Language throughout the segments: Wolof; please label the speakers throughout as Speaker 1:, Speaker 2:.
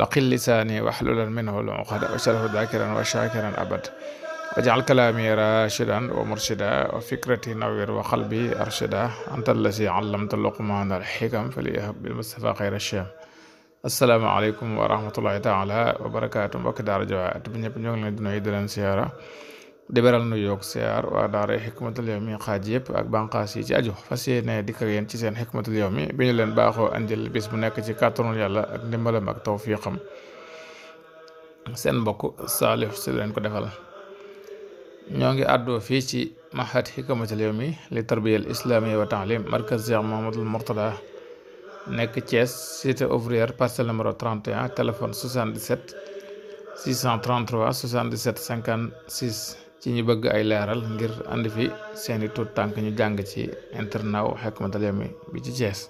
Speaker 1: laqil lisaani waxlulan minhu al-uqada waj'alhu dhaakiran wa shaakiran abad waj'al kalaami raashidan wa murshida wa fikrati nawwir wa qalbi arshida anta allazi 'allamta luqmaana al-hikam falyahab bil mustafa khayra sham assalaamu aleykum wa rahmatullahi taala wa barakaatu mbokki daara Jawaahir ñëpp ñoo ngi leen di nuyu di leen siyaara di beral nu yoog siyaar waa daara xikmatul yawmi xaaj yëpp ak banqaas yi ci aju fas yéene dikk ak yéen ci seen xikmatul yawmi mi ñu leen baaxoo andil bis bu nekk ci kàttanul yàlla ak ndimbalam ak tawfiqam seen mbokk Salif si leen ko defal ñoo ngi àddoo fii ci mahad xikmatul mi li tarbiyal islamiya wa taalim markaz Cheikh Mouhamadoul Mourtada nekk Thiès cité ouvrière parcelle numéro 31 téléphone 77 633 77 56 ci ñu bëgg ay leeral ngir andi fi seeni tuut tànk ñu jàng ci internat wu Hikmatul Yawmi bi ci Thiès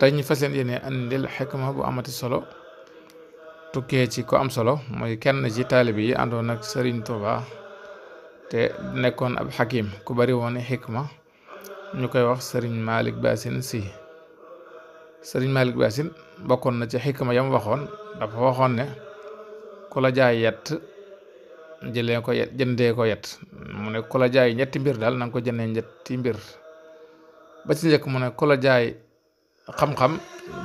Speaker 1: tey ñu fas leen yéene andil xikma bu amati solo tukkee ci ko am solo mooy kenn ci taalib yi àndoon ak sëriñ Touba te nekkoon ab xakim ku bari woon ma ñu koy wax sëriñ Malick Bassine si sëriñ Malick Bassine mbokkoon na ci xikma yam waxoon dafa waxoon ne ku la jaay yett jëlee ko yet jëndee ko yet mu ne ku la jaay ñetti mbir daal na ko jëndee ñetti mbir ba ci njëkk mu ne ku jaay xam-xam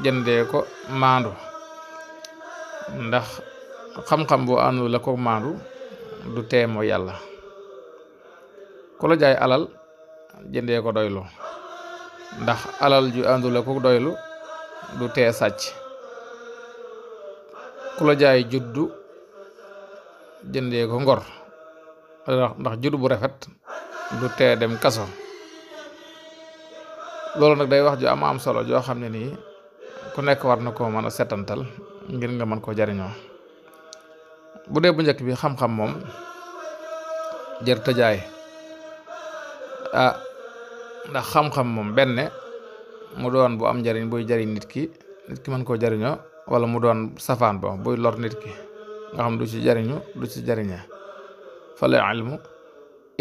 Speaker 1: jëndee ko maandu ndax xam-xam boo àndul la ko maandu du teemo yàlla ku jaay alal jëndee ko doylu ndax alal ju àndul la ko doylu du tee sàcc ku juddu jëndee ko ngor ndax jur bu rafet du tee dem kaso loolu nag day wax ju am am solo joo xam ne nii ku nekk war na koo mën a setantal ngir nga mën koo jariñoo bu dee bu njëkk bi xam-xam moom jër tëjaay ah ndax xam-xam moom benn mu doon bu am njariñ buy jariñ nit ki nit ki mën koo jariñoo wala mu doon safaan bo buy lor nit ki nga xam du ci jariñu du ci jariña fala ilmu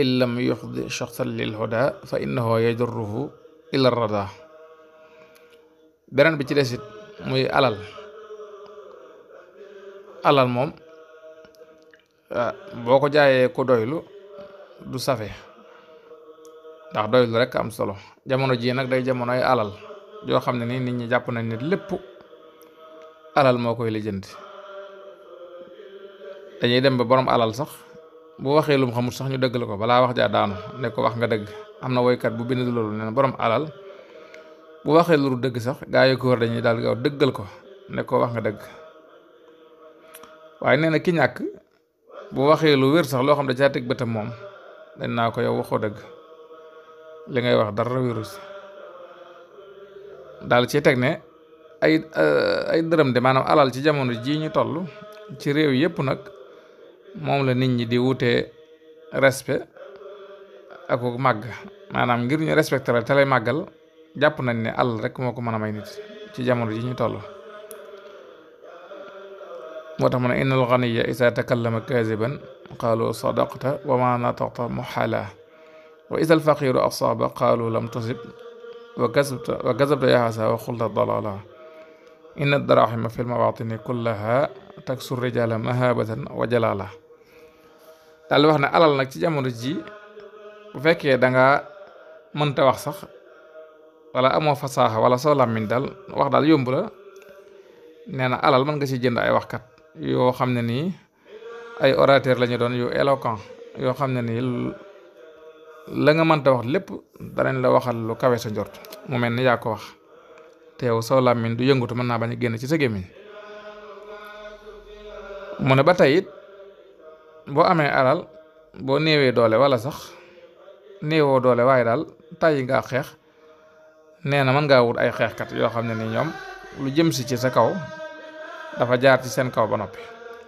Speaker 1: in lam yuxdi shaxsan lil huda fa innahu beneen bi ci desit muy alal alal moom ah, boo ko jaayee ko doylu du safe ndax doylu rekk am solo jamono jii nag day jamonoy alal joo xam ne ni nit ñi jàpp nañ ne lépp alal moo koy lijjanti dañuy dem ba borom alal sax bu waxee lum xamul sax ñu dëgg la ko balaa wax jaa daanu ne wax nga dëgg am na woykat bu bind loolu ne borom alal bu waxee lu dëgg sax gaa yi ko dañuy daal gaaw dëggal ko ne ko wax nga dëgg waaye nee na ki ñàkk bu waxee lu wér sax loo xam da caa teg bëtam moom dañ naa ko yow waxoo dëgg li ngay wax dara wérus daal ci teg ne ay ay dërëm de maanaam alal ci jamono jii ñu toll ci réew yépp nag moom la nit ñi di wutee respect aku màgg maanaam ngir ñu respecté la te lay màggal jàpp nañ ne àll rek moo ko mën a may ci jamono ji ñu toll moo tax mu ne innal ganiya isa takallama kaziban qaalu sadaqta wa ma nataqta muxala wa isa alfaqiru asaaba qaalu lam tusib wa kasabta wa kasabta yaxasa wa inna daraxima fi lmawaatini kullaha taksur rijala mahabatan wa jalala daal di wax ne alal nag ci jamono ji bu fekkee da nga mënta wax sax wala amoo fasaaxa wala soo làmmiñ daal wax daal yomb la nee na alal mën nga ci jënd ay waxkat yoo xam ne nii ay orateur la doon yu yoo xam ne nii la nga mënta wax lépp danañ la waxal lu kawe sa njort mu mel ni yaa ko wax te teew soo làmmiñ du yëngatu mën naa bañ a génn ci sa gémmiñ mu ne ba tey boo amee alal boo néewee doole wala sax néewoo doole waaye daal tàyyi ngaa xeex nee na mën ngaa wut ay xeexkat yoo xam ne ni ñoom lu jëm si ci sa kaw dafa jaar ci seen kaw ba noppi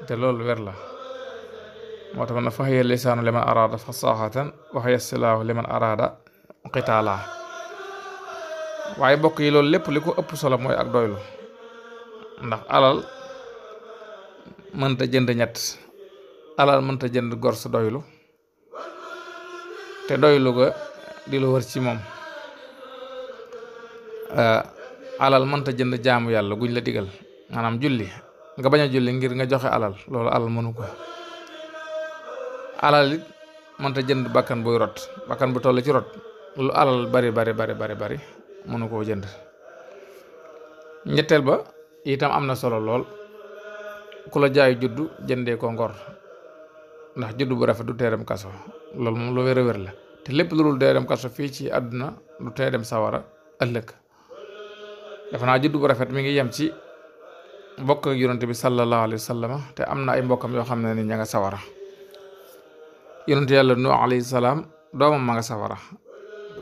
Speaker 1: te loolu wer la moo tax na fahiya lisaanu liman araada fasaxatan waxya silaahu liman araada qitaala waaye bokk yi loolu lépp li ko ëpp solo mooy ak doylu ndax alal mënta jënd ñett alal mënta jënd gor sa doylu te doylu ga di lu wër ci moom eh, alal mënta jënd jaamu yàlla guñ la digal maanaam julli nga bañ a julli ngir nga joxe alal loolu alal mënu ko alal it mënta jënd bakkan buy rot bakkan bu toll ci rot lu alal bari bari bari bari bari mënu koo jënd ñetteel ba itam am na solo lool ku la jaay juddu jëndee ko ngor ndax juddu bu rafet du tee dem kaso loolu moom lu wér wér la te lépp lu dul tee dem kaso fii ci àdduna du tee dem sawara ëllëg dafa naa juddu bu rafet mi ngi yem ci mbokk ak yonante bi sallallahu alayhi sallam te am na ay mbokkam yoo xam ne ni ña nga sawara yonante yàlla nu salaam doomam ma nga sawara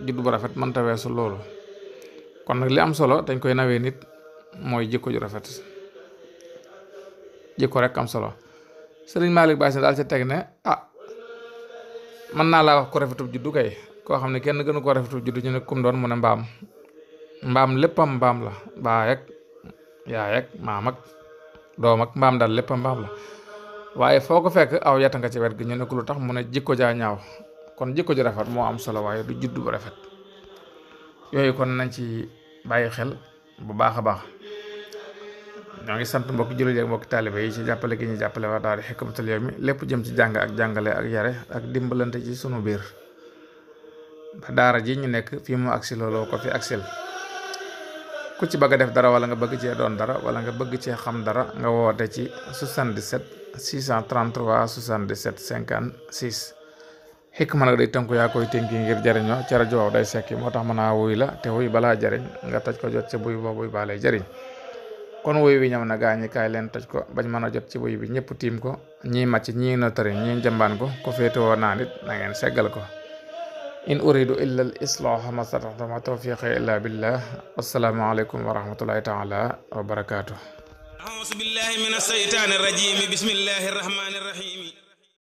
Speaker 1: juddu bu rafet mënta weesu loolu kon nag li am solo dañ koy nawee nit mooy jikko ju rafet jikko rek am solo sëriñ Malick Bassine daal ca teg ne ah mën naa laa wax ko rafetub juddu kay koo xam ne kenn gënu koo rafetub juddu ñu ne kum doon mu ne mbaam mbaam léppam mbaam la baay ak yaay ak maam ak doom ak mbaam daal léppam mbaam la waaye foo ko fekk aw yatta nga ci wet gi ñu ne ko tax mu ne jikko jaa ñaaw kon jikko ju rafet moo am solo waaye du juddu bu rafet yooyu kon nañ ci bàyyi xel bu baax a baax. ñoo ngi sant mbokki jullit ak mbokki taalibe yi ci jàppale gi ñu jàppale waa daara Hikmatul Yawmi lépp jëm ci jàng ak jàngale ak yare ak dimbalante ci sunu biir ba daara ji ñu nekk fii mu agsi looloo ko fi agsil ku ci bëgg def dara wala nga bëgg cee doon dara wala nga bëgg cee xam dara nga woote ci 77 633 77 56 xikma nag day tënku yaa koy tënki ngir jariñoo ci rajo waaw day sekki moo tax mën a wuy la te wuy balaa jariñ nga taj ko jot ci buy boo buy jariñ kon wuyu bi ñëw na gaañi leen toj ko bañ mën a jot ci wuyu bi ñëpp tiim ko ñii màcc ñii notari ñii jëmbaan ko ko féetewoo naa nit na ngeen seggal ko in uridu illa al islaaha ma stataxtu ma tawfiqi illa billah assalaamu aleykum wa rahmatullahi taala wa barakaatu auzu billahi min asheytaani rajim bismillahi rahmani rahim